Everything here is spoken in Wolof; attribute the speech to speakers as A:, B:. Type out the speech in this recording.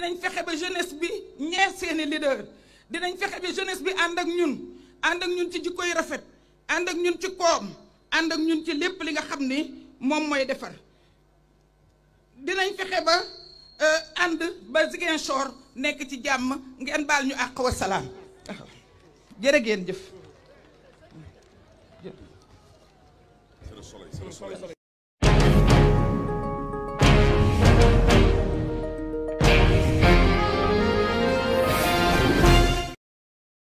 A: dinañ fexe ba jeunesse bi ñeer seeni leader dinañ fexe ba jeunesse bi ànd ak ñun ànd ak ñun ci jikko yu rafet ànd ak ñun ci koom ànd ak ñun ci lépp li nga xam ni moom mooy defar dinañ fexe ba euh, ànd ba Ziguinchor nekk ci jàmm ngeen baal ñu àq wa salaam jërë ngeen jëf.